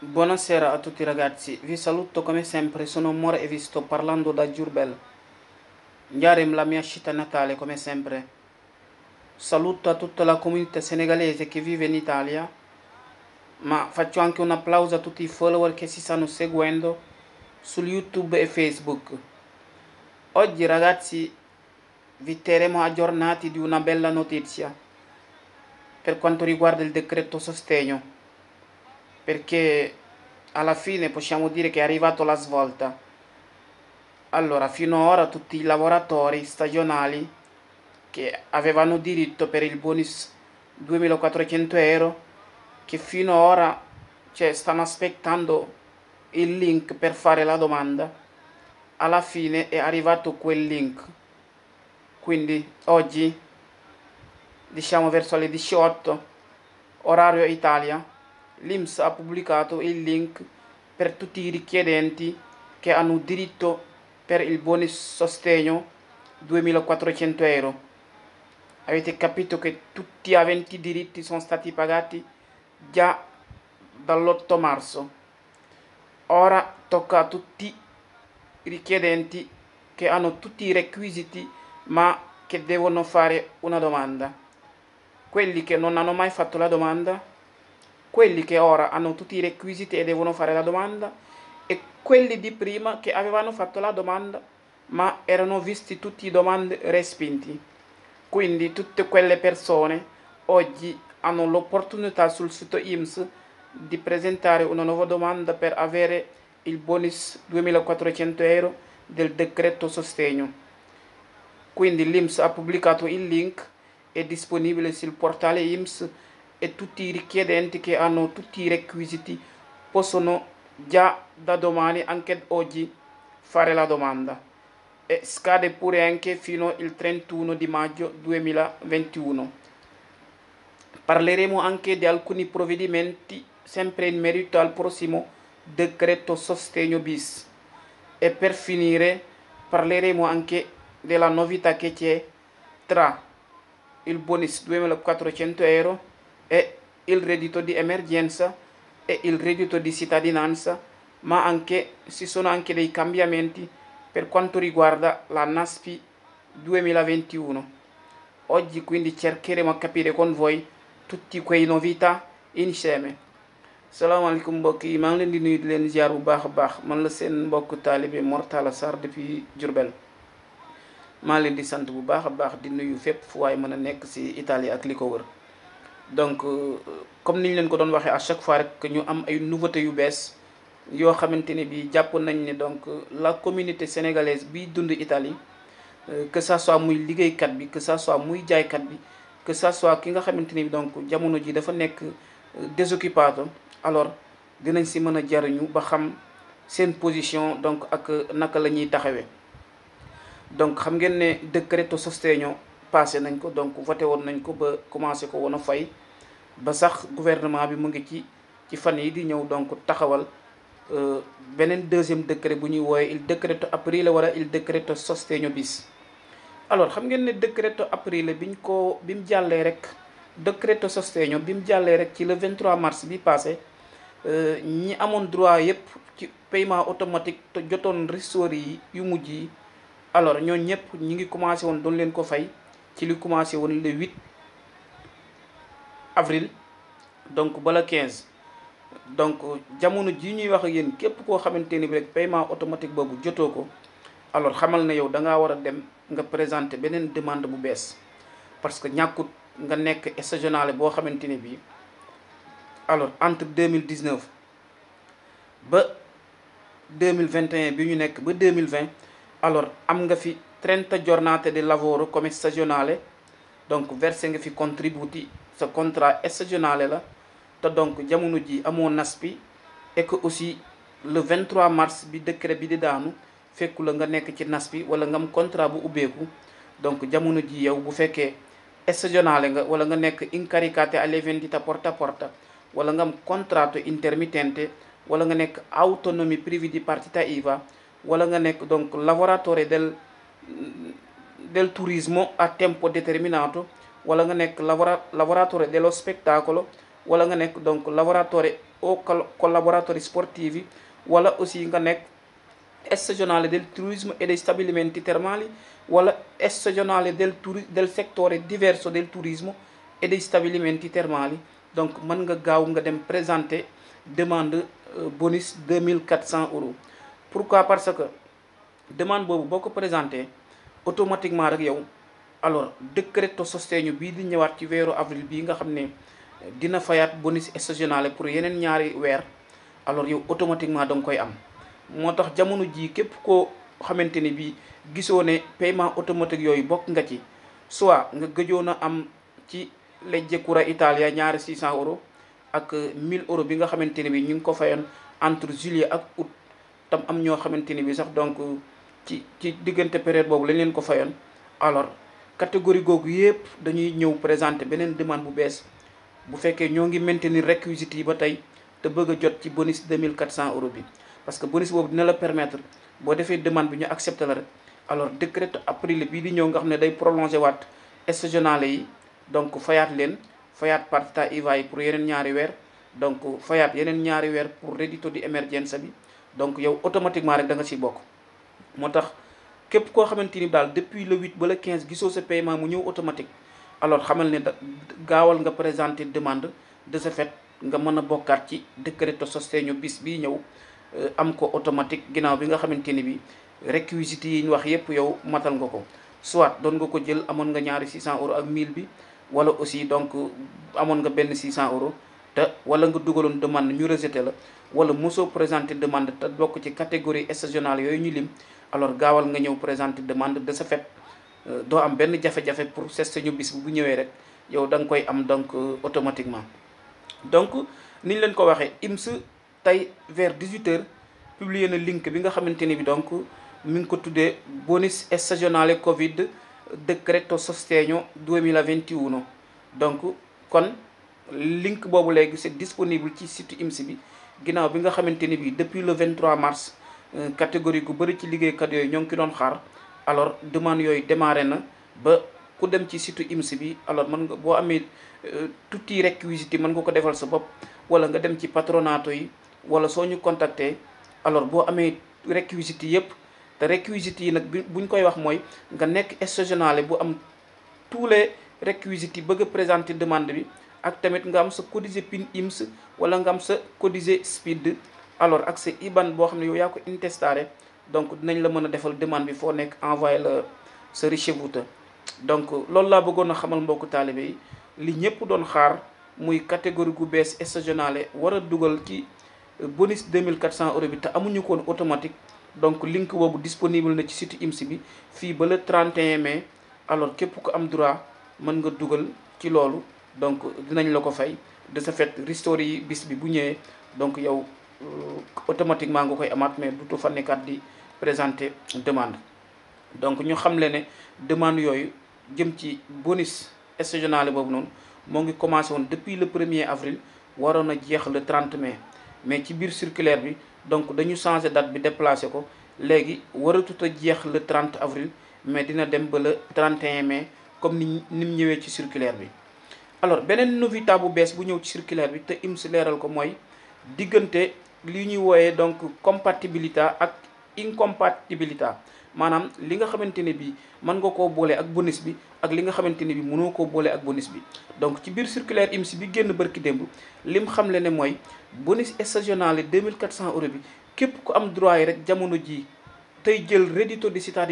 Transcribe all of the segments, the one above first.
Buonasera a tutti ragazzi, vi saluto come sempre, sono More e vi sto parlando da Giurbel. Yarem, la mia città natale come sempre. Saluto a tutta la comunità senegalese che vive in Italia, ma faccio anche un applauso a tutti i follower che si stanno seguendo su YouTube e Facebook. Oggi ragazzi vi terremo aggiornati di una bella notizia per quanto riguarda il decreto sostegno perché alla fine possiamo dire che è arrivato la svolta. Allora, fino ad ora tutti i lavoratori stagionali che avevano diritto per il bonus 2400 euro, che fino ad ora cioè, stanno aspettando il link per fare la domanda. Alla fine è arrivato quel link. Quindi oggi, diciamo verso le 18, orario Italia l'IMS ha pubblicato il link per tutti i richiedenti che hanno diritto per il buon sostegno 2400 euro. Avete capito che tutti e aventi i diritti sono stati pagati già dall'8 marzo. Ora tocca a tutti i richiedenti che hanno tutti i requisiti ma che devono fare una domanda. Quelli che non hanno mai fatto la domanda quelli che ora hanno tutti i requisiti e devono fare la domanda e quelli di prima che avevano fatto la domanda ma erano visti tutti i domande respinti. Quindi tutte quelle persone oggi hanno l'opportunità sul sito IMS di presentare una nuova domanda per avere il bonus 2400 euro del decreto sostegno. Quindi l'IMS ha pubblicato il link, è disponibile sul portale IMS e tutti i richiedenti che hanno tutti i requisiti possono già da domani, anche oggi, fare la domanda e scade pure anche fino al 31 di maggio 2021. Parleremo anche di alcuni provvedimenti sempre in merito al prossimo decreto sostegno bis e per finire parleremo anche della novità che c'è tra il bonus 2400 euro e il reddito di emergenza e il reddito di cittadinanza, ma anche, ci sono anche dei cambiamenti per quanto riguarda la NASPI 2021. Oggi quindi cercheremo a capire con voi tutti quei novità insieme. Salam alaikum yi maa ngi leen di nuyu di leen ziar bu baax a baax man la seen mbokk taalibe Mortala Sarr depuis Diourbel maa leen di sant bu baax baax di nuyu fépp fu waay mën a nekk ci Italie ak li wër donc euh, comme niñ leen ko doon waxee à chaque fois rek ñu am ay nouveauté yu bees yo xamante bi japp nañ ni donc euh, la communauté sénégalaise bi dund Italie euh, que ça soit muy kat bi que ça soit muy kat bi que ça soit ki nga xamante bi donc jamono ji dafa nekk désoccupado alors dinañ si mëna jarñu ba xam seen position donc ak naka lañuy taxawé donc xam ngeen ne décreto sostegno passé nañ ko donc voté woon nañ ko ba commencé ko woon a fay ba sax gouvernement bi mu ngi ci ci fan yi di ñëw donc taxawal euh, beneen deuxième décret bu ñuy wooye il décreto aprile wala il décreto sostegno bis alors xam ngeen ne décreto aprile biñ ko bi mu jàllee rek décreto sostegno bi mu jàllee rek ci le 23 mars bi passé euh, ñi amoon droit yépp ci paiement automatique te jotoon ristori yi yu mujj yi alors ñoo ñëpp ñi ngi commencé woon doon leen ko fay qui li commencé le 8 avril donc bala 15 donc jamono ji ñuy wax ak yéen képp koo xamante bi rek paiement automatique boobu jotoo alors xamal na yow da nga wara une dem nga présenter benen demande bu baisse parce que ñàkkut nga nek saisonnier bo xamanteni bi alors entre 2019 ba 2021 bi ñu nek ba 2020 alors am nga fi 30 giornate di lavoro come stagionale, donc versé nga fi contributi sa contrat stagionale la te donc jamono ji amoo nas bi et que aussi le 23 mars bi décret bi di daanu fekku la nga nekk ci nas bi wala nga am contrat bu ubbeeku donc jamono ji yow bu fekkee stagionale nga wala nga nekk incaricate alle vendite porta porta wala nga am contratto intermittente wala nga nekk autonomie privi di partita IVA wala nga nekk donc lavoratore del del turismo a tempo determinato wala nga nekk lavoratore dello spettacolo wala nga nekk donc lavoratore o collaboratori sportivi wala aussi nga nekk stagionale del turismo e dei stabilimenti termali wala stagionale del, del settore diverso del turismo e dei stabilimenti termali donc mën nga gaaw nga dem présenter demande euh, bonus 2400 euros pourquoi parce que demande boobu boo ko présenter automatiquement rek yow alors décreto sostegno bi di ñëwaat ci wéru avril bi nga xamné dina fayat bonus stagionale pour yenen ñaari wér alors yow automatiquement dang koy am motax tax jamono ji képp ko xamanteni bi gissone ne paiement automatique yoy bok nga ci soit nga gëjoon am ci lejje kura italia ñaar 600 euro, ak 1000 euro bi nga xamanteni bi bii ñu ko entre juillet ak août tam am ño xamanteni bi sax donc ci ci digënté période bobu lañ leen ko fayon alors catégorie gogu yépp dañuy ñëw présenter benen demande bu bees bu féké ñoo ngi maintenir requisite yi ba tay te bëgg jot ci bonus 2400 euros bi parce que bonus bobu dina la permettre bo défé demande bi ñu accepté la rek alors décret april bi di ñëw nga xamné day prolonger wat saisonniers yi donc fayat leen fayat partita IVA yi pour yeneen ñaari wër donc fayat yeneen ñaari wër pour rédito di émergence bi donc yow automatiquement rek da nga ci bokk moo tax képp koo xamante ni daal depuis le 8 bala le 15 gisoo sa paiement mu ñëw automatique alors xamal ne da gaawal nga présenter demande de ce fait nga mën a bokkaat ci décreto sostegno bis bii ñëw euh, am ko automatique ginnaaw bi nga xamante ni bi réquisites yi ñu wax yépp yow matal nga ko soit doon nga ko jël amoon nga ñaari 600 euros ak 1000 bi wala aussi donc amoon nga benn 600 euros te wala nga dugaloon demande ñu rejeté la wala mosoo présenter demande te bokk ci catégorie stationnale yooyu ñu lim alors gawal nga ñëw présenter demande de ce fait euh, do am benn jafé jafé pour cesse ñu bis bu ñëwé rek yow dang koy am donc euh, automatiquement donc ni leen ko waxé IMS tay vers 18h publier na link bi nga xamante bi donc mi ngi ko tuddee bonus stagionale Covid decreto sostegno 2021 donc kon link bobu légui c'est disponible ci site IMS bi ginaaw bi nga xamante bi depuis le 23 mars Euh, catégorie gu bëri ci liggéeykat yooyu ñoo ngi ki doon xaar alors demande yooyu démarré na ba ku dem ci site IMSS bi alors mën nga boo amee euh, tuuti réquisites yi mën nga ko defal sa bopp wala nga dem ci patronato yi wala soo ñu contacter alors boo amee réquisites yépp te réquisites yi nag buñ koy wax mooy nga nekk stagionale bu am tous les réquisites yi bëgg a présenter demande bi ak tamit nga am sa codice PIN IMSS wala nga am sa codice SPID alors ak sa IBAN boo xam ne yow yaa ko intestaré donc dinañ la mën a defal demande bi foo nekk envoyé la sa recevute donc loolu laa bëggoon a xamal mbokku taalibe yi li ñëpp doon xaar muy catégorie gu bees stagionale war a dugal ci bonus 2400 euros bi te amuñu ko woon automatique donc link boobu disponible na ci site IMSS bi fii ba le 31 mai alors képp ko am droit mën nga dugal ci loolu donc dinañ la ko fay de ce fait restore yi bis bi bu ñëwee donc yow Euh, automatiquement nga koy amaat mais dutu fa nekkaat di présenter demande donc ñu xam le ne demande yooyu jëm ci bonus saisonnier boobu noonu moo ngi commencé woon depuis le premier avril waroon a jeex le 30 mais mais ci biir circulaire bi donc dañu changé date bi déplacé ko léegi waratu a jeex le trente avril mais dina dem ba le 31 mais comme ni ni mu ñëwee ci circulaire bi alors beneen novita bu bees bu ñëw ci circulaire bi te im si leeral ko mooy diggante li ñuy wooyee donc compatibilité ak incompatibilité maanaam li nga xamante ne bi mën nga koo boolee ak bonus bi ak li nga xamante ne bi mënoo koo boole ak bonise bi donc ci biir circulaire IMSI bi génn bërki démb lim xamle ne mooy bonus saisonnier 2400 euros bi képp ku am droit yi rek jamono ji tey jël reddito di sax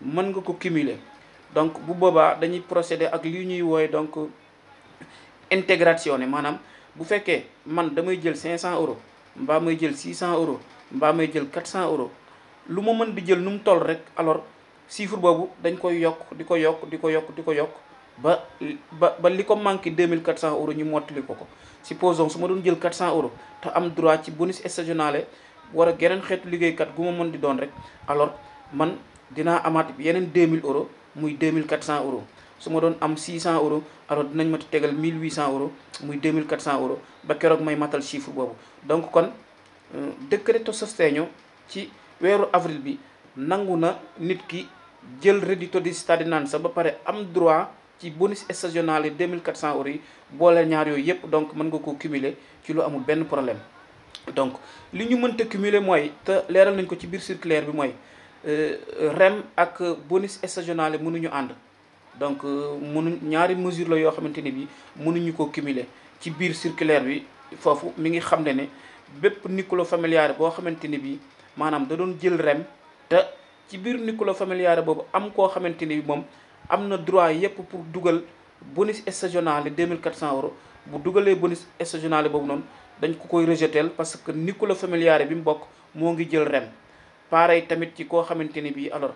mën nga ko cumuler donc bu boobaa dañuy procédé ak li ñuy wooye donc intégration ne maanaam bu fekkee man damay jël 500 euros mbaa may jël 600 euros mbaa may jël 400 euros lu ma mën di jël nu mu toll rek alors chiffre boobu dañ koy yokk di ko yokk di ko yokk di ko yokk ba ba ba li ko manqué 2400 euros ñu mottali ko ko supposons su ma doon jël 400 euros te am droit ci bonus stagionale war a xeetu liggéeykat gu ma mën di doon rek alors man dinaa amaat yeneen 2000 euros muy 2400 euros. su ma doon am 600 euros alors dinañ ma tegal 1800 euros muy 2400 euros ba keroog may matal chiffre boobu donc kon euh, décréto sostegno ci weeru avril bi nangu na nit ki jël reddito di cittadinanza ba pare am droit ci bonus stagionale 2400 euros yi boole ñaar yooyu yëpp donc mën nga koo cumuler ci lu amul benn problème donc li ñu mënta cumuler mooy te leeral nañ ko ci biir circulaire bi mooy euh, REM ak bonus stagionale mënuñu ànd donc euh, mënuñ ñaari mesure la yoo xamante ni bi mënuñu ko cumuler ci biir circulaire bi foofu mi ngi xam ne ne bépp nucléo familiare boo xamante ni bi maanaam da doon jël rem te ci biir nucléo familiare boobu am koo xamante ni bi moom am na droit yépp pour dugal bonus saisonnier 2400 euros bu dugalee bonus saisonnier boobu noonu dañ ko koy rejetel parce que nucléo familiare bi mu bokk moo ngi jël rem pareil tamit ci koo xamante ni bi alors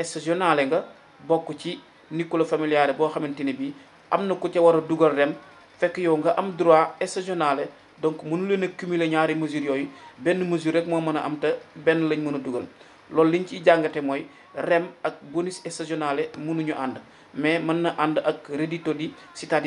saisonnier nga bokk ci nucléo familiare boo xamante ni bii am na ko ca war a dugal rem fekk yow nga am droit exceptionnel donc mënu leen a ñaari mesure yooyu benn mesure rek moo mën a am te benn lañ mën a dugal loolu liñ ciy jàngate mooy rem ak bonus exceptionnel mënuñu ànd mais mën na ànd ak reddito di sa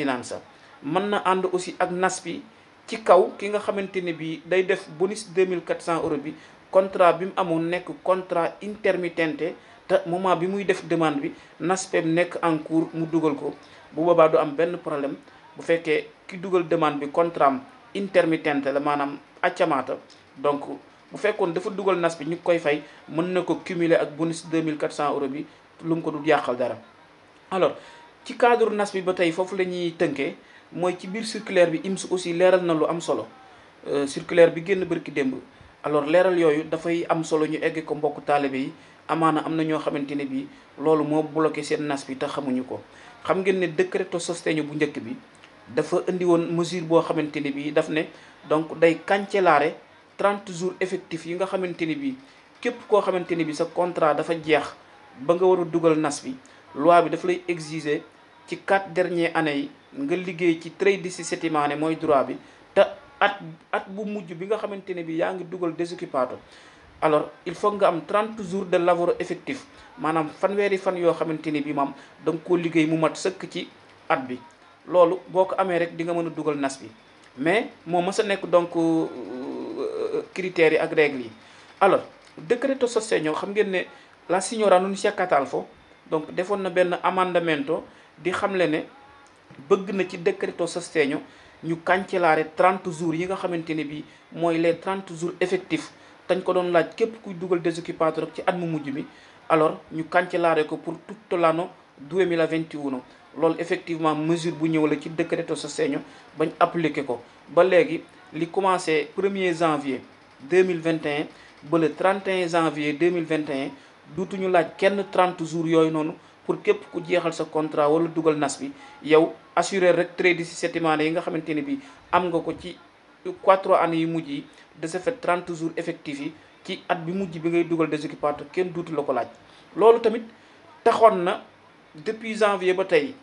mën na ànd aussi ak NASPI ci kaw ki nga xamante ni bii day def bonus 2400 euros bi contrat bi mu amoon nekk contrat intermittente te moment bi muy def demande bi naspe NASPEM nekk en mu dugal ko bu boobaa du am benn problème bu fekkee ki dugal demande bi contrat am intermittente la maanaam accamaata donc bu fekkoon dafa dugal nas bi ñu koy fay mën na ko cumuler ak bonus cent euros bi lu mu ko du yàqal dara alors ci cadre nas bi ba tey foofu la ñuy tënkee mooy ci biir circulaire bi IMS aussi leeral na lu am solo euh, circulaire bi génn bërki démb alors leeral yooyu dafay am solo ñu egg ko mbokk taalibe yi amaana am na ñoo xamante ne bii loolu moo bloqué seen nas bi te xamuñu ko xam ngeen ne décréto sostegno bu njëkk bi dafa indi woon mesure boo xamante ne bii daf ne donc day cancellare 30 jours effectifs yi nga xamante ni bii képp koo xamante ni bii sa contrat dafa jeex ba nga war a dugal nas bi loi bi dafa lay exiger ci 4 dernier années yi nga liggéey ci tredici settimane mooy droit bi te at at bu mujj bi nga xamante ne bii yaa ngi dugal disoccupato alors il faut nga am 30 jours de labeur effectif manam fanweeri fan yo xamante bi mam da nga koo mu mat seuk ci at bi lolou boko amé rek di nga mëna a nas bi mais mo mës nek donc euh, euh, euh, critère yi ak règle yi alors décreto ñoo xam ngeen né la signora non si Catalfo donc defoon na ben amendamento di xamle ne bëgg na ci décreto sostegno ñu cancellare 30 jours yi nga xamante bi moy les 30 jours effectifs dañ ko doon laaj képp kuy dugal Desoccupateurs ci at mu mujj mi alors ñu cancellare ko pour tutto l'anno 2021 loolu effectivement mesure bu ñëw la ci décreto sostegno bañ appliqué ko ba léegi li commencé 1er janvier 2021 ba le 31 janvier 2021 duutuñu laaj kenn 30 jours yooyu noonu pour képp ku jeexal sa contrat wala dugal nas bi yow assurer rek trait di si yi nga xamante ne bi am nga ko ci quatre années yi mujj yi de ce fait trente jours effectifs yi ci at bi mujj bi ngay dugal désoccupation kenn duutu la ko laaj loolu tamit taxoon na depuis janvier ba tey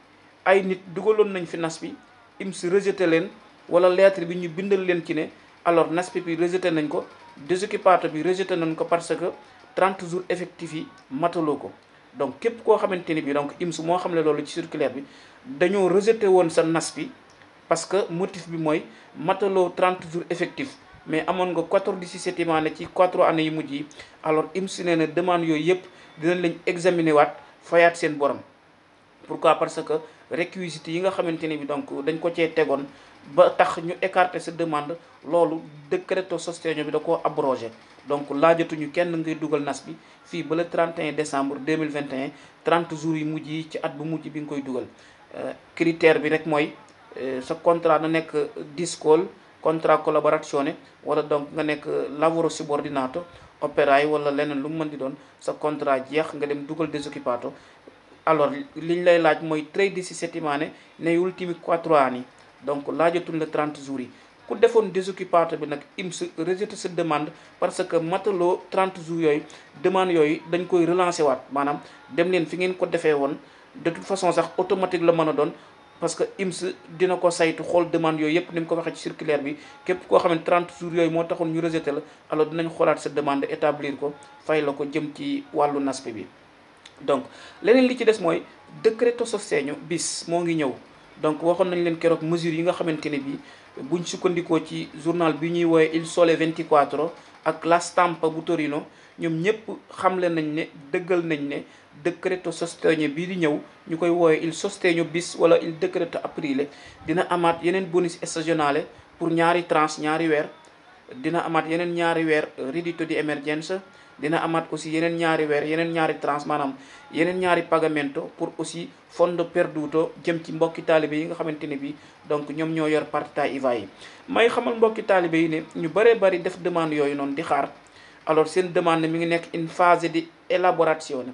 ay nit dugaloon nañ fi nas bi IMS rejeté leen wala leetre bi ñu bindal leen ci ne alors NASPI bi rejeté nañ ko désoccupation bi rejeté nañ ko parce que trente jours effectifs yi mataloo ko donc képp koo xamante ni bi donc IMS moo xam ne loolu ci circulaire bi dañoo rejeté woon sa nas bi parce que motif bi moy mataloo 30 jours effectif mais amone nga 14 ci ci 4 années yu mujj alors ils nee na demande yooyu de dinañ lañ examiner wat fayat sen borom pourquoi parce que requisite yi nga xamanteni bi donc dañ ko ci tegoon ba tax ñu écarter sa demande lolu décreto sostegno bi da ko abrogé donc ñu kenn ngay duggal nas bi fi ba le 31 décembre 2021 30 jours yu mujj ci at bu mujj bi koy euh, critère bi rek moy Euh, sa contrat na nekk discol contrat collaboration ne wala donc nga nekk lavoro subordinato opéra yi wala leneen lu mu mën di doon sa contrat jeex nga dem dugal disoccupato alors liñ lay laaj mooy di 13 ne negli ultimi 4 anni donc laajatul la 30 jours yi ku defoon disoccupato bi nag INPS rejeté sa demande parce que mataloo 30 jour yooyu demande yooyu dañ koy relancer waat maanaam dem leen fi ngeen ko defee woon de toute façon sax automatique la mën a doon parce que IMS dina ko saytu xool demande yooyu yëpp ni mu ko waxee ci circulaire bi képp koo xam ne 30 jours yooyu moo taxoon ñu rejeté la alors dinañ xoolaat sa demande établir ko fay la ko jëm ci wàllu NASPE bi. donc leneen li ci des mooy décréto sostegno bis moo ngi ñëw donc waxoon nañ leen keroog mesure yi nga xamante ne bi buñ sukkandikoo ci journal bi ñuy woowee Il Sole 24 ak La Stampa bu Torino ñoom ñëpp xam leen nañ ne dëggal nañ ne. decreto sostegno bii di ñëw ñu koy woowee il sostegno bis wala il decreto aprile dina amaat yeneen bonus stagionale pour ñaari tranche ñaari weer dina amaat yeneen ñaari weer reddito di emergenza dina amaat aussi yeneen ñaari weer yeneen ñaari tranche maanaam yeneen ñaari pagamento pour aussi fondo perduto jëm ci mbokki taalibe yi nga xamante ne bi donc ñoom ñoo yor partita IVA yi may xamal mbokki taalibe yi ne ñu bëree bari def demande yooyu noonu di xaar alors seen demande mi ngi nekk une phase di élaboration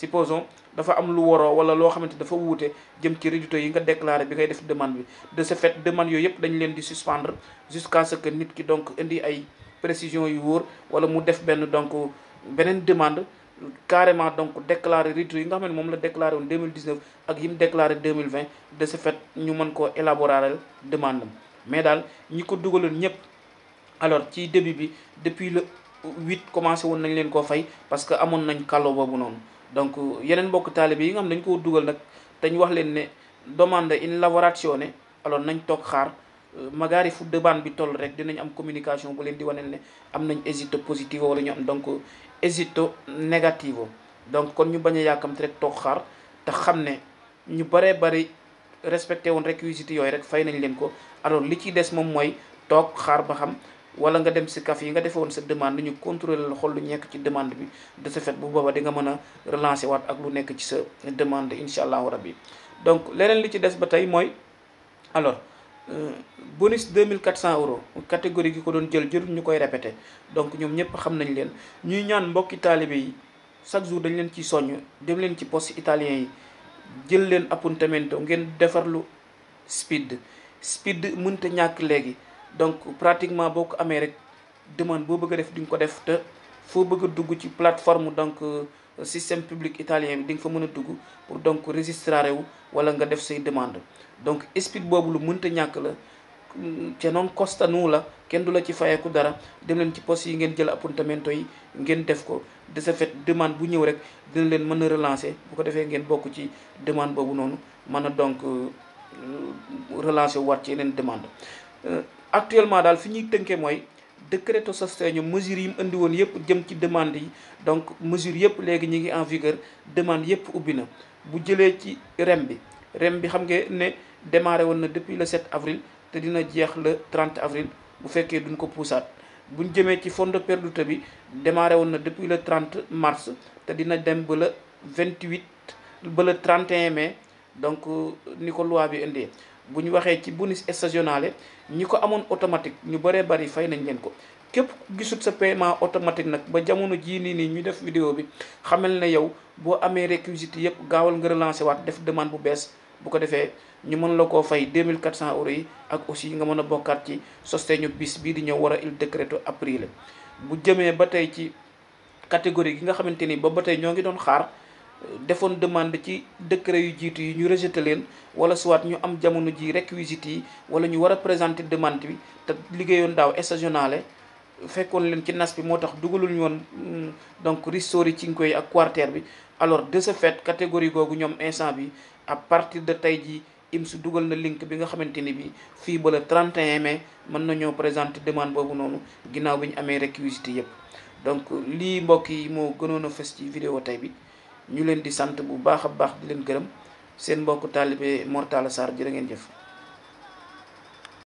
supposons dafa am lu woro wala lo xamante dafa wuute jëm ci résultats yi nga déclaré bi ngay def demande bi de ce fait demande yoyep dañ leen di suspendre jusqu'à ce que nit ki donc indi ay précision yu wor wala mu def ben donc benen demande carrément donc déclaré résultats yi nga xam mom la déclaré en 2019 ak yim déclaré 2020 de ce fait ñu mën ko élaborer demande mais dal ñi ko dugaloon ñep alors ci début bi depuis le 8 commencé woon nañ leen ko fay parce que amon nañ kàlloo boobu noonu donc yeneen mbokk taalibe yi nga xam dañ koo dugal nag dañ wax leen ne demande in ne alors nañ toog xaar euh, magari fu demande bi toll rek dinañ am communication bu leen di waneel ne am nañ esito positivo wala ñu am donc esito negativo donc kon ñu bañ a yàkkamti rek toog xaar te xam ne ñu baree bari respecté woon rek réquisites yooyu rek fay nañ leen ko alors li ci des moom mooy toog xaar ba xam wala nga dem si CAF yi nga defoon sa demande ñu contrôler la xool lu ñekk ci demande bi de ce fait bu booba di nga a relancer waat ak lu nekk ci sa demande incha allahu rabbi donc leneen li ci des ba tey mooy alors euh, bonus 2400 euros catégorie gi ko doon jël jël ñu koy répété donc ñoom ñëpp xam nañ leen ñuy ñaan mbokki taalibe yi chaque jour dañ leen ciy soññ dem leen ci poste italien yi jël leen appuntamento ngeen defarlu speed speed mënta ñàkk léegi donc pratiquement boo ko amee rek demande boo bëgg a def di nga ko def te foo bëgg a dugg ci plateforme donc euh, système public italien di nga fa mën a dugg pour donc registrer wu wala nga def say demande donc explique boobu lu mënta ñàkk la te noon costanu la kenn du la ci fayeeku dara dem leen ci poste yi ngeen jël appuntamento yi ngeen def ko de ce fait demande bu ñëw rek dina leen mën a relancer bu ko defee ngeen bokk ci demande boobu noonu mën a donc euh, relancer waat ci yeneen demande euh, actuellement daal fi ñuy tënkee mooy décréto sostegno mesures yi mu indi woon yëpp jëm ci demande yi donc mesures yëpp léegi ñu ngi en vigueur demande yëpp ubbi na bu jëlee ci rem bi rem bi xam nga ne démarré woon na depuis le 7 avril te dina jeex le 30 avril bu fekkee duñ ko puusaat buñ jëmee ci fonds de perduté bi démarré woon na depuis le 30 mars te dina dem ba le 28 ba le 31 mais donc euh, ni ko loi bi indee bu ñu waxee ci bonus stationnale ñi ko amoon automatique ñu bare bari fay nañ leen ko képp gisut sa paiement automatique nag ba jamono jii nii nii ñu def vidéo bi xamal na yow boo amee réquisite yëpp gaawal nga relancer waat def demande bu bees bu ko defee ñu mën la koo fay cent euros yi ak aussi nga mën a bokkaat ci soste ñu bis bii di ñëw war a il décréto aprile bu jëmee ba tey ci catégorie gi nga xamante ni ba ba tey ñoo ngi doon xaar defoon demande ci décret yu jiitu yi ñu rejeté leen wala soit ñu am jamono ji réquisite yi wala ñu war a présenter demande bi te liggéeyoon daaw stagionale fekkoon leen ci nas bi moo tax dugalul ñu woon mm, donc ristori cinque yi ak quartier bi alors de ce fait catégorie googu ñoom instant bi à partir de tey jii IMS dugal na link bi nga xamante ni bi fii ba le 31 mais mën nañoo présenter demande boobu noonu ginnaaw bi ñu amee réquisite yépp donc lii mbokk yi moo gënoon a fës ci vidéo bi ñu leen di sant bu baax a baax di leen gërëm seen mbokk taalibe Mor Talla ji jërë ngeen jëf